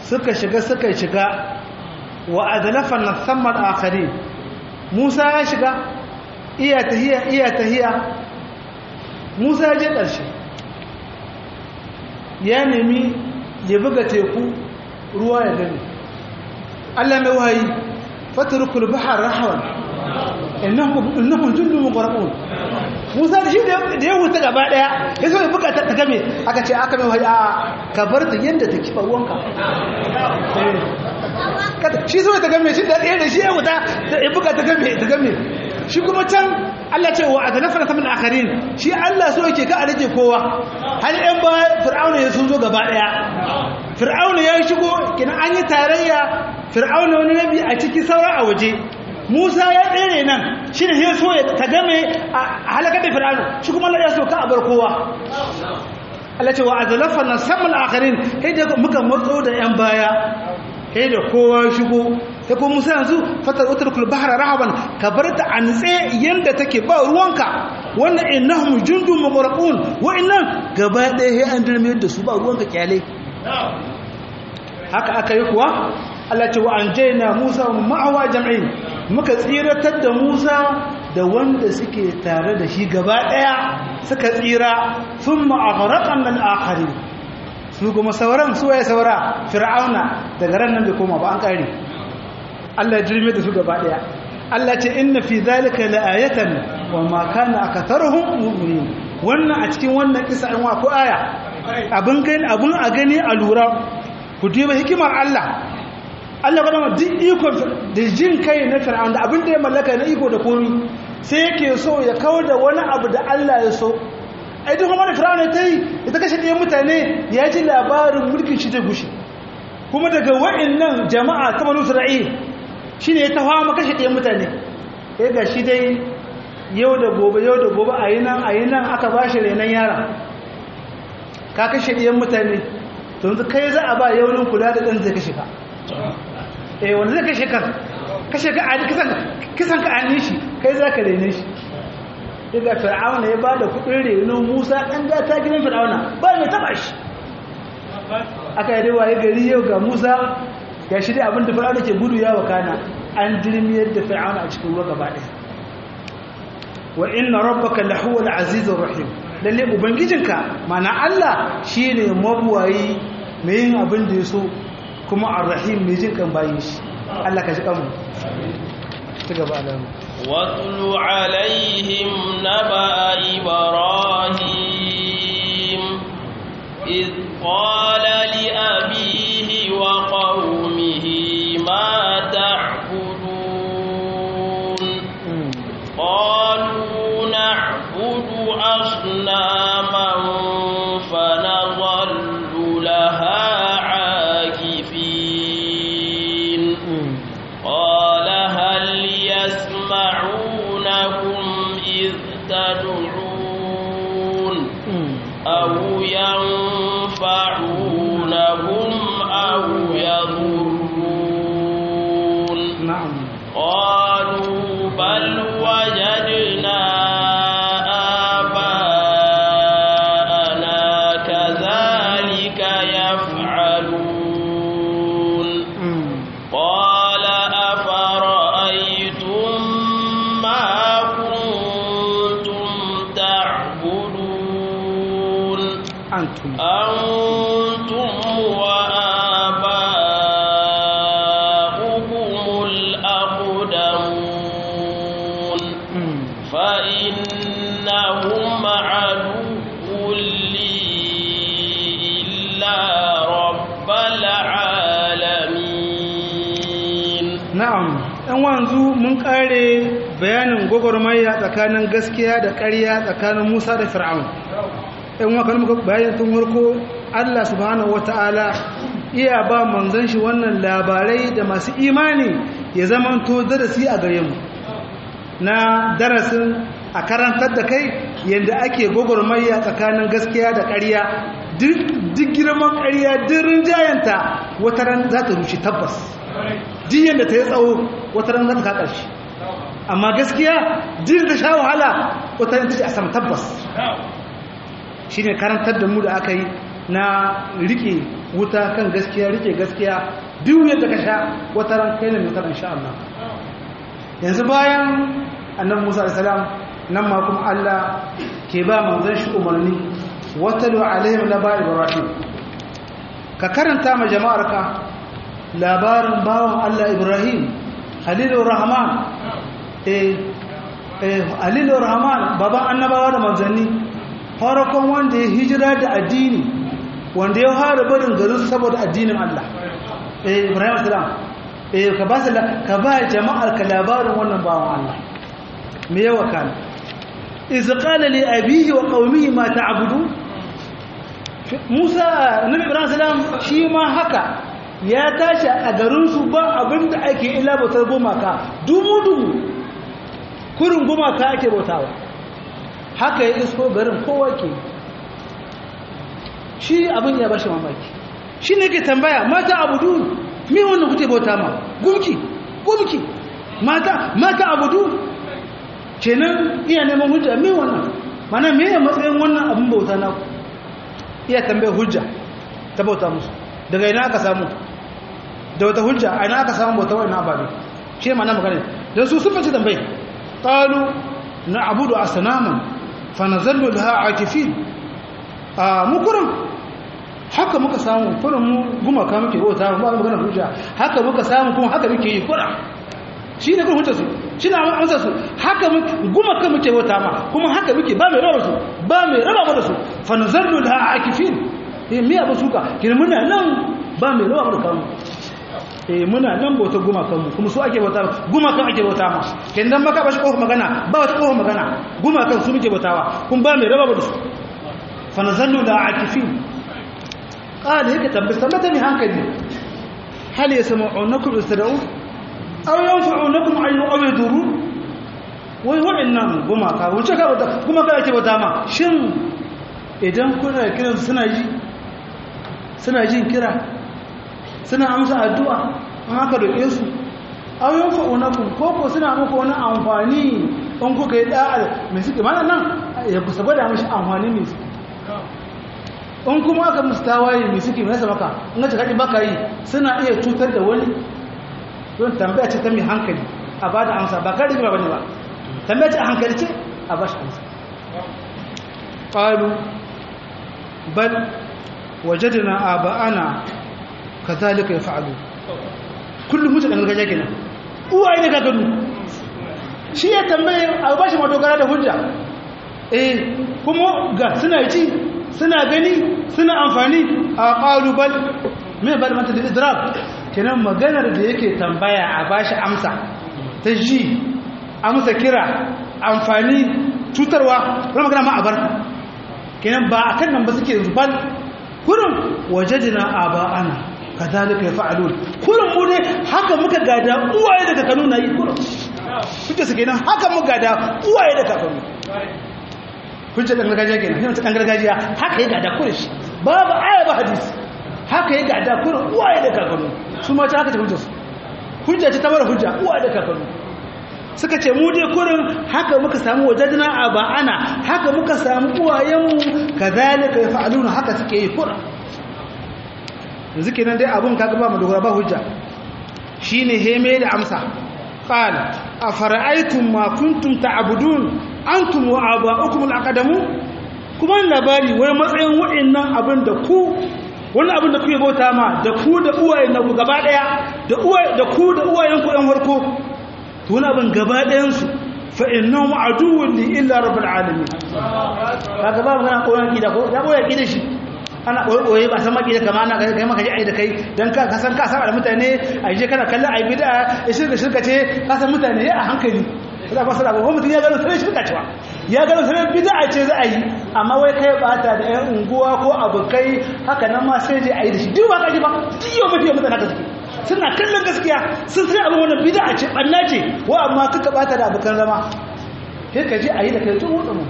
suka shiga suka shiga wa adlafa nasammal alakhirin Musa ya shiga iya tahiya iya tahiya Musa ya je karshe ya nemi ya buga teku ruwa ya gani Allah mai wahayi inna bahar rahawan innahum jundun mughraqun Musa da shi da ya wuce gaba daya ya so ya buga ta game aka ce aka mai wahayi a ka bar ta yanda ta kifa ruwanka eh. shi so ta game shi da ɗaya da shi ya wuta ya buga ta game ta game shi kuma can Allah ce wa adnafara ta min akharin shi Allah so yake ka a rage kowa har ɗan ba fir'auna ya sun zo gaba ɗaya fir'auna ya shigo kina an yi tarayya fir'auna wani nabi a cikin saura a waje Musa ya tsere nan shi ne ya so ya tagame a halakar da fir'auna shi kuma Allah ya so ka a bar kowa Allah ce wa adnafara na samal akharin kai da muka matso da ƴan baya sai da kowa shigo ta ko musa yanzu fatar utarkul bahra rahaban ka bar ta an tsaye take ba ruwanka wannan innahum jundun mugraqun wa innan gaba ɗaya sai an dirme da su ba ruwanka kyale haka aka yi kuwa Allah ce wa anjayna Musa ma'awa jam'in muka tsiratar da Musa da wanda suke tare da shi gaba ɗaya suka tsira thumma aghraqna al-akharin su kuma sauran su waye saura fir'auna daga ran nan bai koma ba an kare Allah ya jirme da su gaba daya Allah ce inna fi zalika la'ayatan wa ma kana akatharuhum mu'minin wannan a cikin wannan kisa an wa ko aya Abun gani abun a gani a lura ku duba hikimar Allah Allah ba ma duk iko da jin kai na fir'auna abin da ya mallaka na iko da komi sai yake so ya kawo da wani abu da Allah ya so ai duk kuma da ta yi ita kashe ɗaya mutane ya ji labarin mulkin shi zai gushe kuma daga wa'in nan jama'a ta banu isra'il shi ne ya ta hawa kashe ɗaya mutane ya eh, ga shi dai yau da gobe yau da gobe a yi nan a yi nan aka ba shi renon yara ka kashe ɗayan mutane to yanzu kai za a ba yau nan kula da ɗan zai kashe ka eh wanda zai kashe ka kashe ka a kisan ka a nishi kai za ka rene shi daga fir'auna ya ba da kudin renon musa ɗan gata gidan fir'auna ba mai taba shi aka yi rewa ya gari yau ga musa ya shirya abin da fir'auna ke gudu ya wakana an jirmiyar da fir'auna a cikin ruwa gaba ɗaya wa inna rabbaka lahuwal azizur rahim lalle ubangijinka mana Allah shine mabuwayi mai yin abin da ya so kuma arrahim mai jin kan bayan shi Allah ka ji kanmu ci واتل عليهم نبأ إبراهيم إذ قال لأبيه وقومه ما تعبدون قالوا نعبد أصناما bayanin gwagwarmaya tsakanin gaskiya da ƙarya tsakanin musa da fir'aun ɗan wakar muka bayan tun harko allah subhanahu wata'ala iya ba manzan shi wannan labarai da masu imani ya zamanto darasi a gare mu na darasin a karantar da kai yadda ake gwagwarmaya tsakanin gaskiya da ƙarya duk girman ƙarya duk rinjayenta wata ran za ta rushe tabbas duk yadda ta yi tsawo wata ran za ta kaƙar shi amma gaskiya din da sha wahala wata yin tashi a sama tabbas shi ne karantar da mu da aka yi na riƙe wuta kan gaskiya riƙe gaskiya duk yadda ka sha wata ran kai ne mutar insha Allah yanzu bayan annabi Musa alaihi salam nan ma kuma Allah ke ba manzon shi umarni watalu alaihim naba ibrahim ka karanta ma jama'arka labarin bawan Allah Ibrahim Khalilur Rahman eh eh alilu rahman baban annabawa da manzanni farkon wanda ya hijira da addini wanda ya fara barin garin saboda addinin Allah eh ibrahim salam eh ka ba ka ba jama'ar ka labarin wannan bawan Allah me yawa kana iz qala li abihi wa qaumihi ma ta'budu Musa nabi ibrahim salam shi ma haka ya tashi a garinsu ba abinda ake ilabatar goma ka dumu dumu kurin gumaka ake bautawa haka ya isko garin kowa ke shi abin ya bashi mamaki shi ne ke tambaya mata abudu mi wannan kuke bauta ma gumki gumki mata mata abudu kenan iya neman hujja mi wannan mana me ya matsayin wannan abin bauta na ku iya tambayar hujja ta bauta musu daga ina aka samu da wata hujja a ina aka samu bauta wannan ababe shi ma na magana don su sun fi tambayi? قالوا نعبد اصناما فنظل لها عاكفين مكرم حكا مكا سامو kurin mu gumaka muke bauta ba mu magana hujja haka muka samu kuma haka muke yi kura shi ne kuma su shi na amsa su haka muke gumaka muke bauta ma kuma haka muke ba mai raba su ba mai raba mu su fa akifin eh suka kin muna nan ba eh muna nan bauta gumakan mu kuma su ake bauta gumakan ake bauta mu kendan maka ba shi kofar magana ba wata kofar magana guma gumakan su muke bautawa kun ba mai raba da su fa nazallu la akifin qala yake tabbata mata ni hankali hal yasma'unakum istada'u aw yanfa'unakum ayu aw yadurru wai wa'annan gumaka wuce ka bauta gumaka ake bauta ma shin idan kuna kiran suna ji suna jin kira suna amsa addu'a an haka doke su auyon fa'unakun koko suna muku wani amfani in kuka yi ɗa’ar mai suke mana nan ya kusa gwada mashi amfani mai suke in kuma aka musu tawaye mai suke mai samaka in ka kaɗi baka yi suna iya cutar da wani don tambaya ce ta mai hankali a ba da amsa ba kare ba ne ba tambaya ce a hankali ce a ba shi amsa ƙalu bal wajadina aba'ana kazalika yaf'alu kullum mutu dan gaje kenan uwaye ne gagaru shi ya tambaye albashi ma dogara da hujja eh kuma ga suna ji suna gani suna amfani a ƙalubal mai balmanta da idrak kenan maganar da yake tambaya a bashi amsa ta ji amsa kira amfani cutarwa wani magana ma a bar kenan ba a kan nan ba suke zubal kurin wajajina a ba'ana kazalika yaf'alun kullum mu ne haka muka gada uwaye da kakanu na yi kullum kuke su kenan haka muka gada uwaye da kakanu hujja ɗan gargajiya kenan yana ta gargajiya haka ya gada kullum babu aya ba hadisi haka ya gada kullum uwaye da kakannu. su ma ta haka ta hujja su hujja ta mara hujja uwaye da kakannu. suka ce mu dai kurin haka muka samu wajajina a ba'ana haka muka samu uwayenmu kazalika yaf'aluna haka suke yi kura. yanzu kenan dai abun kaga ba mu dogara ba hujja shine heme da amsa qal afara'aytum ma kuntum ta'budun antum wa aba'ukum al-aqdamu kuma labari wai matsayin wa'annan abin da ku wani abin da ku yabo bauta ma da ku da uwayen ku gaba daya da uwaye da ku da uwayen ku ɗan farko to wani abin gaba ɗayan su fa innahu aduwwun li illa rabbil alamin kaga ba magana ko yaki da ko da boye yaki shi ana ɓoye-ɓoye ba san maƙi da kama na kai maka ji a da kai don ka san ka saba da mutane a je kana kallon a yi bida a shirka shirka ce ka san mutane a hankali za ka sara ko mutum ya gano sarai shirka cewa ya gano sarai bida a ce za a yi amma wai kai bata da yan unguwa ko abokai haka nan ma sai je a yi da shi duk ba ka ji ba duk yau mafi mutane haka suna kallon gaskiya sun sai abin wannan bida a ce ɓanna ce wa amma kuka bata da abokan zama sai ka je a yi da kai tun wutsa mu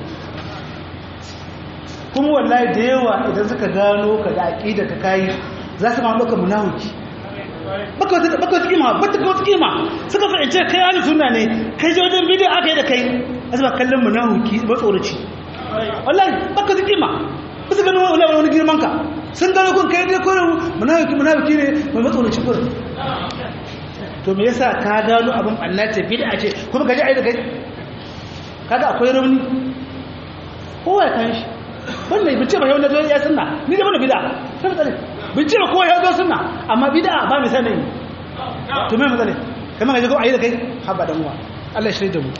kuma wallahi da yawa idan suka gano ka da aƙida ka kayi za su ma ɗauka munawuki baka wata kima baka wata kima suka fahimci kai ali sunna ne kai je wajen bidiyo aka yi da kai azuba kallon munawuki matsoraci wallahi baka wata kima ba su gano wani wani girman ka sun gano kun kai dai kore munawuki munawuki ne mai matsoraci ba. to me yasa ka gano abin Allah ta a ce kuma gaji ai da gaji kaga akwai rauni kowa ya kan shi wannan bincike ba yau na ya sunna ni da mana bid'a sai matsale bincike ko ya zo sunna amma bid'a ba mi sanin to me matsale kamar ga ko ayi da kai haba dan uwa Allah ya shirye da mu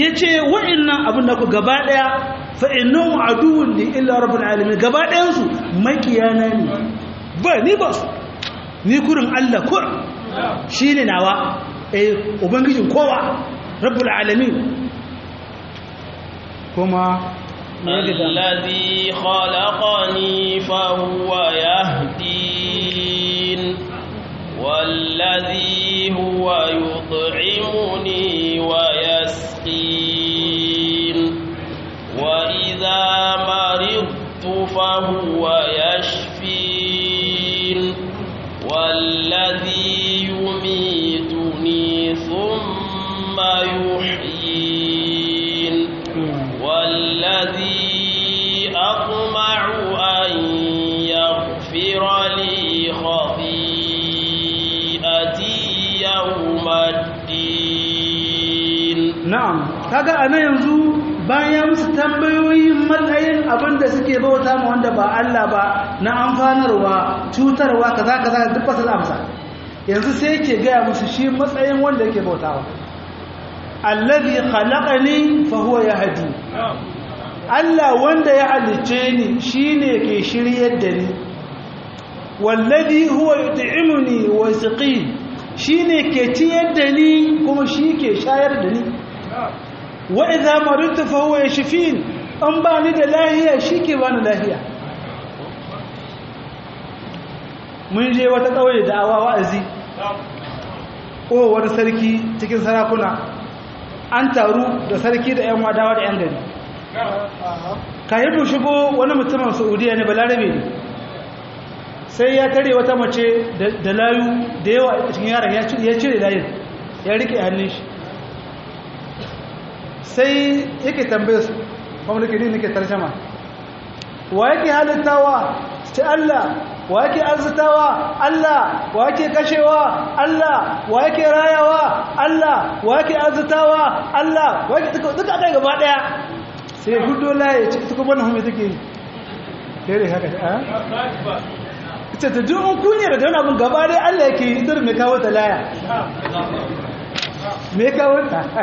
yace wa'annan abin da ku gaba daya fa innahum aduwwun li illa rabbil alamin gaba dayan su makiyana ne ba ni ba su ni kurin Allah Shi shine nawa eh ubangijin kowa rabbul alamin kuma الذي خلقني فهو يهدين والذي هو يطعمني ويسقين وإذا مرضت فهو يشفين والذي يميتني ثم يحيين والذي أطمع أن يغفر لي خطيئتي يوم الدين نعم ana yanzu bayan su tambayoyin matsayin abin da suke bauta wa wanda ba Allah ba na amfanarwa cutarwa kaza kaza duk ba su amsa yanzu sai ke gaya musu shi matsayin wanda yake bautawa allazi khalaqani fa huwa yahdi Allah wanda ya halice ni shine ke shiryar da ni wallazi huwa yut'imuni wa yasqini shine ke ciyar da ni kuma shi ke shayar da ni wa idza fa huwa yashfin an ba ni da lahiya shi ke bani lahiya mun je wata kauye da awa wa'azi o wani sarki cikin sarakuna an taru da sarki da 'yan wadawa da 'yan gari kayan shigo wani mutumin saudiya ne balarabe ne sai ya tare wata mace da layu da yawa a cikin yaran ya cire layin ya rike hannun shi sai yake tambaye su kwamfuta ke nake tarjama wa yake halittawa sai allah wa yake arzitawa Allah wa yake kashewa Allah wa yake rayawa Allah wa yake arzitawa Allah wa yake duka akai gaba daya sai hudu laye ci kuma nan hume take yi dare haka ta ita ta duk ku ne da dana abun gaba dai Allah yake yi idan me kawo ta laya me kawo ta [LAUGHS]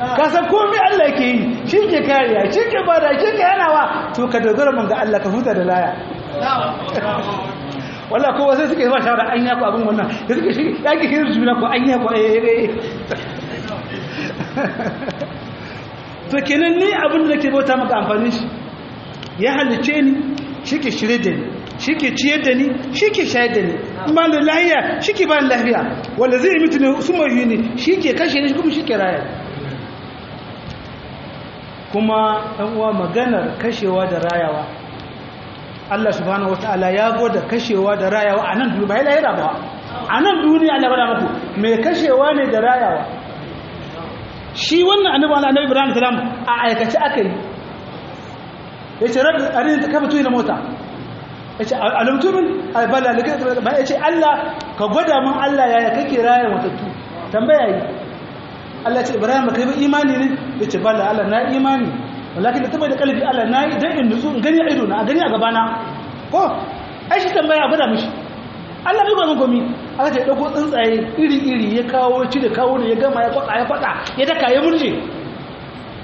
ka kasa komi Allah yake yi shi ke kariya shi ke bada shi ke yanawa to ka dogara mun ga Allah ka huta da laya [LAUGHS] wallah kowa sai suke zama shawara an yaku abin wannan da suke shi ya ki hirin juna ko an yaku yare eh, eh, eh. [LAUGHS] to kenan ni abin da nake bauta maka amfani shi ya halice ni shi ke shirye da ni shi ke ciyar da ni shi ke shayar da ni ba da lahiya shi ke bayan lahiya wanda zai mutu ne su mai ne shi ke kashe ni kuma shi ke raya kuma ɗan uwa maganar kashewa da rayawa Allah subhanahu wataala ya goda kashewa da rayawa a nan duniya ba yana ba a nan duniya Allah bada muku mai kashewa ne da rayawa shi wannan annabi Allah annabi Ibrahim salam a aikace aka yi yace rabbi arin ka fito ina mota yace alamtumin albala laka ba yace Allah ka gwada mun Allah yaya kake raya matattu tambaya yi Allah ce Ibrahim kai ba imani ne yace bala Allah na imani walakin da ta da kalbi Allah na yi dan in nutsu in gani a ido na a gani a gaba na ko ai shi tambaya gwada mishi Allah bai gwanin komi Allah ta dauko tsuntsaye iri iri ya kawo ci da kawo ne ya gama ya kwaka ya kwaka ya daka ya murje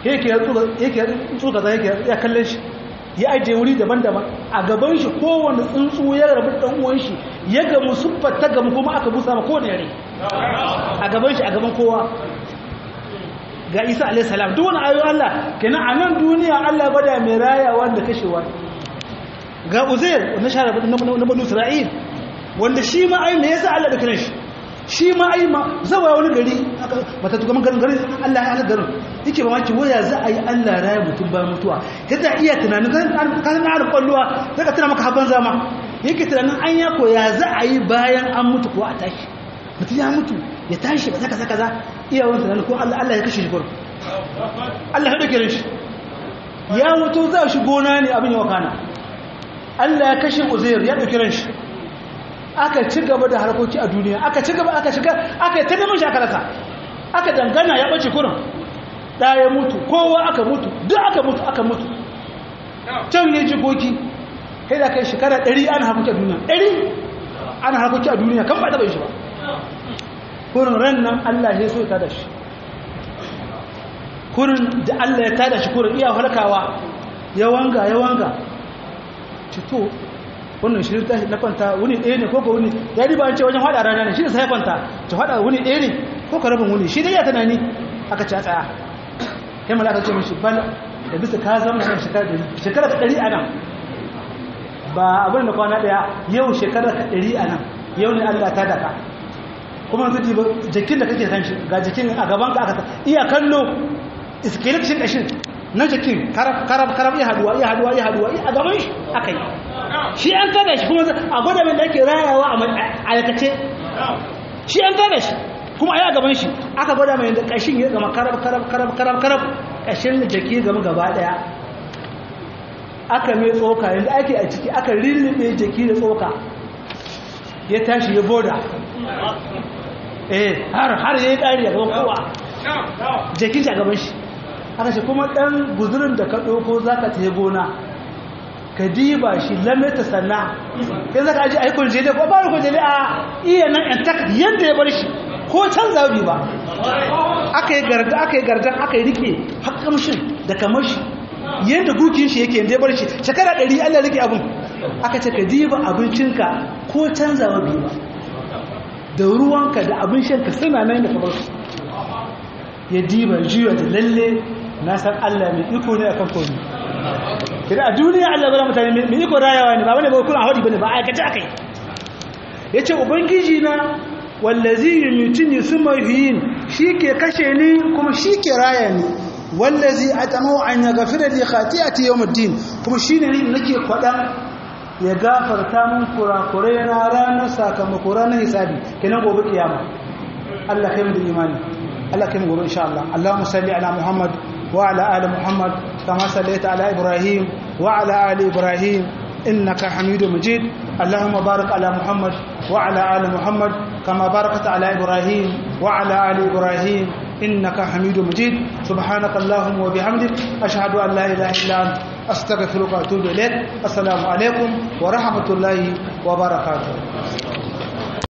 yake ya tsuka yake ya tsuka za yake ya kalle shi ya aje wuri daban-daban a gaban shi kowane tsuntsu ya rabu dan uwan shi ya gamu siffar ta gamu kuma aka busa ma kowane yare a gaban shi a gaban kowa ga isa alaihi salam duk wani ayo Allah kenan a nan duniya Allah bada mai raya wanda kashewa ga uzair na shara na banu isra'il wanda shi ma ai me yasa Allah da kiran shi shi ma ai ma zawa wani gari mata tuka garin garin Allah ya halar garin yake ba maki waya za a yi Allah raya mutum ba mutuwa yadda iya tunanin kan na harin kwallowa zaka tana maka haban zama yake tunanin an ya koya za a yi bayan an mutu ko a tashi mutum ya mutu ya tashi ba saka saka za iyawun tunanin ko Allah ya kashe shi kurku Allah ya dauke shi ya mutu za shi gona ne abin ya wakana Allah ya kashe Uzair ya dauke ran shi aka ci gaba da harkoki a duniya aka ci gaba aka shiga aka ta neman shi aka dangana ya bace kurin da ya mutu kowa aka mutu duk aka mutu aka mutu can ne jikoki sai da kai shekara 100 ana harkoki a duniya 100 ana harkoki a duniya kan ba ta bai shi ba kurin ran nan Allah ya so ta da shi kurin da Allah ya tada shi kurin iya halkawa ya wanga ya wanga cito wannan shi ta na kwanta wuni ɗaya ne koko wuni ya riba an ce wajen haɗa rana ne shi da sai kwanta ta haɗa wuni ɗaya ne koko rabin wuni shi dai ya tunani aka ci a tsaya ya malaka ce shi, bal da bisa ka zama nan shekara ɗari shekara ka ɗari a nan ba abin da kwana ɗaya yau shekara ka ɗari a nan yau ne Allah ta daka kuma zuji ba jikin da kake san shi ga jikin a gaban ka aka iya kallo iskeletishin kashin na jikin karab karab karab iya haduwa iya haduwa iya haduwa a gaban shi aka yi shi an tada shi kuma a gwada mai da ake rayawa a alkace shi an tada shi kuma a yi a gaban shi aka gwada mai da kashin ya gama karab karab karab karab karab kashin da jiki gama gaba daya aka mai tsoka yanzu ake a ciki aka rillibe jiki da tsoka ya tashi ya boda eh har har yayi kari a gaban kowa jikin a gaban shi aka ce kuma ɗan guzurin da ka za ka tafi gona ka diba shi lamme ta sanna za zaka aji ai kuljele ko ba kuljele a iya nan an tak yanda ya bar shi ko can zabi ba aka yi garda aka yi garda aka yi rike hakamshin da kamar shi yadda gukin shi yake ɗaya bar shi shekara ɗari Allah rike abin. aka ce ka diba abincinka ko canzawa biyu ba da ruwanka da abin shanka suna nan da kamar su ya diba jiwa da lalle na san Allah mai iko ne akan komi kira a duniya Allah bala mutane mai iko rayawa ne ba wani ba kuna haudi bane ba aikace akai yace ubangiji na wallazi mafi yin, yuhin shike kashe ni kuma shike raya ni wallazi atanu an yaghfira li khati'ati yawmiddin kuma shine ne nake kwadan ya gafarta mun kurakure na ranar sakamako ranar hisabi kenan gobe kiyama Allah kai mu imani Allah kai mu gobe insha Allah Allahumma salli ala Muhammad wa ala ali Muhammad kama sallaita ala Ibrahim wa ala ali Ibrahim innaka Hamidum Majid Allahumma barik ala Muhammad wa ala ali Muhammad kama barakta ala Ibrahim wa ala ali Ibrahim إنك حميد مجيد سبحانك wa وبحمدك ashhadu an la ilaha illa anta astaghfiruka wa atubu ilaik assalamu alaikum wa rahmatullahi wa barakatuh